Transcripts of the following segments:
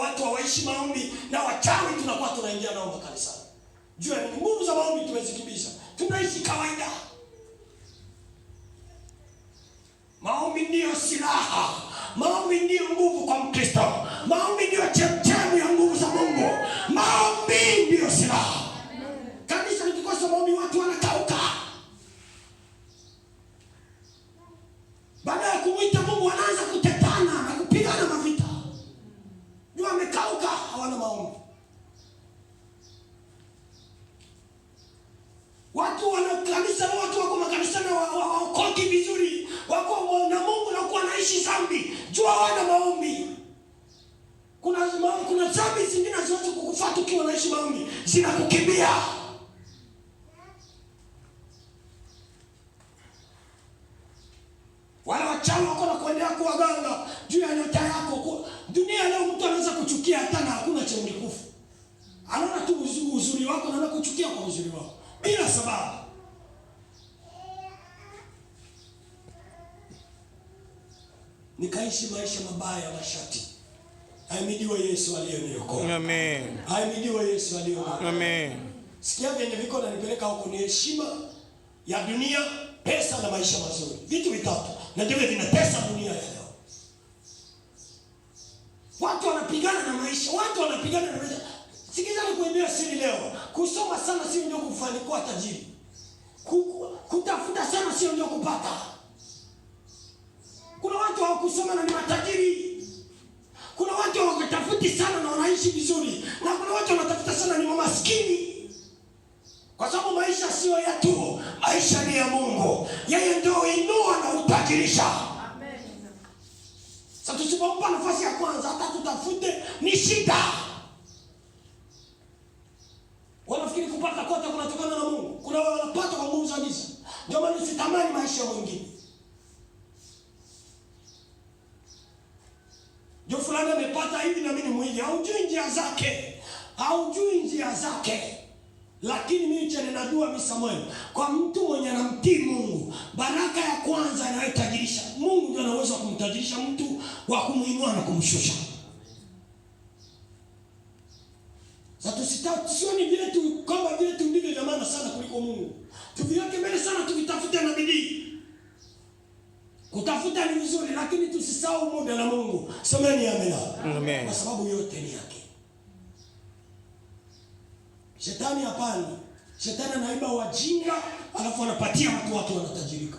watu hawaishi maombi na wachawi tunakuwa tunaingia nao makanisani. Jua ni nguvu za maombi tumezikibisha, tunaishi kawaida. Maombi ndiyo silaha, maombi ndiyo nguvu kwa Mkristo, maombi ndiyo chembe hautoki vizuri, wako na Mungu na kuwa naishi zambi, jua wana maombi. Kuna maombi, kuna zambi zingine zote kukufuata ukiwa naishi maombi zinakukimbia. Wale wachawi wako na kuendelea kuwa ganga juu ya nyota yako dunia. Leo mtu anaweza kuchukia hata na hakuna cha ulikufu, anaona tu uzuri wako na anakuchukia kwa uzuri wako bila sababu. nikaishi maisha mabaya ya mashati. Ahimidiwe Yesu aliyeniokoa. Amen. Ahimidiwe Yesu aliyeniokoa. Amen. Sikia vyenye viko nanipeleka huko ni heshima ya dunia, pesa na maisha mazuri, vitu vitatu, na ndivyo vinatesa dunia ya leo. Watu wanapigana na maisha, watu wanapigana na maisha. Sikiza nikuambia siri leo, kusoma sana sio ndio kufanikiwa tajiri, kutafuta sana sio ndio kupata kuna watu hawakusoma na ni matajiri, kuna watu hawatafuti sana na wanaishi vizuri, na kuna watu wanatafuta sana ni wamaskini, kwa sababu maisha sio tu maisha ni ya Mungu. Yeye ndio inua na utajirisha. Sasa tusipompa nafasi ya kwanza, hata tutafute ni shida. Wanafikiri kupata kote kunatokana na Mungu, kuna wanapata kwa nguvu za giza. Ndio maana usitamani maisha ya wengine. Juu fulani amepata hivi na mimi ni mwizi, haujui njia zake, haujui njia zake. Lakini mimi cha ninajua mimi Samuel, kwa mtu mwenye anamtii Mungu, baraka ya kwanza inayotajirisha Mungu ndiye anaweza kumtajirisha mtu kwa kumuinua na kumshusha. Sasa tusitaki tusioni vile tu kama vile tu ndivyo jamani sana kuliko Mungu. Kutafuta ni vizuri, lakini tusisahau muda na Mungu. Semeni amena, amen, kwa sababu yote ni yake. Shetani hapana, shetani anaiba wajinga, alafu anapatia watu, watu wanatajirika.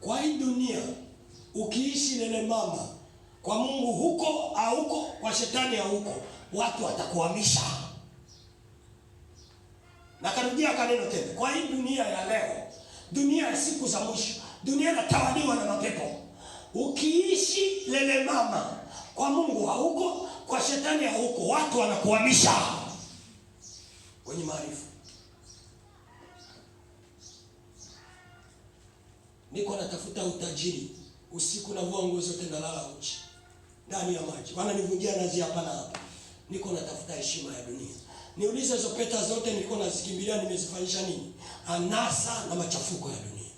Kwa hii dunia ukiishi lele mama kwa Mungu huko auko, kwa shetani hauko, watu watakuhamisha. Nakarudia kaneno tena, kwa hii dunia ya leo Dunia ya siku za mwisho, dunia inatawaliwa na mapepo. Ukiishi lele mama, kwa Mungu hauko, kwa shetani hauko, watu wanakuhamisha kwenye maarifa. Niko natafuta utajiri usiku, navua nguo zote, nalala uchi ndani ya maji, nivunjia nazi hapa na hapa. Niko natafuta heshima ya dunia Niulize, hizo peta zote nilikuwa nazikimbilia nimezifanyisha nini? Anasa na machafuko ya dunia.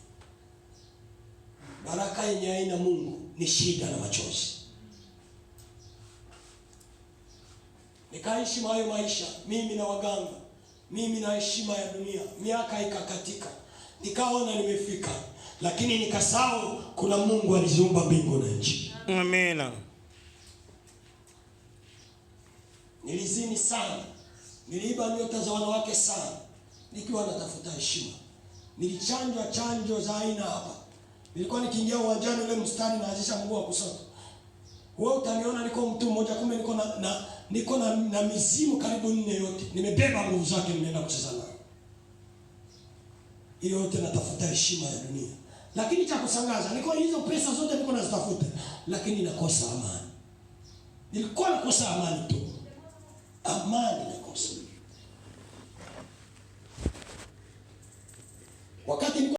Baraka yenye aina Mungu ni shida na machozi. Nikaishi hayo maisha mimi na waganga, mimi na heshima ya dunia, miaka ikakatika, nikaona nimefika, lakini nikasahau kuna Mungu aliziumba mbingu na nchi. Amina. Nilizini sana Niliiba nyota za wanawake sana nikiwa natafuta heshima. Nilichanjwa chanjo za aina hapa. Nilikuwa nikiingia uwanjani ule mstari naanzisha mguu wa kusoto. Wewe utaniona niko mtu mmoja, kumbe niko na, na niko na, na mizimu karibu nne yote. Nimebeba nguvu zake, nimeenda kucheza nayo. Hiyo yote natafuta heshima ya dunia. Lakini cha kusangaza, niko hizo pesa zote niko nazitafuta, lakini nakosa amani. Nilikuwa nakosa amani tu. Amani nakosa.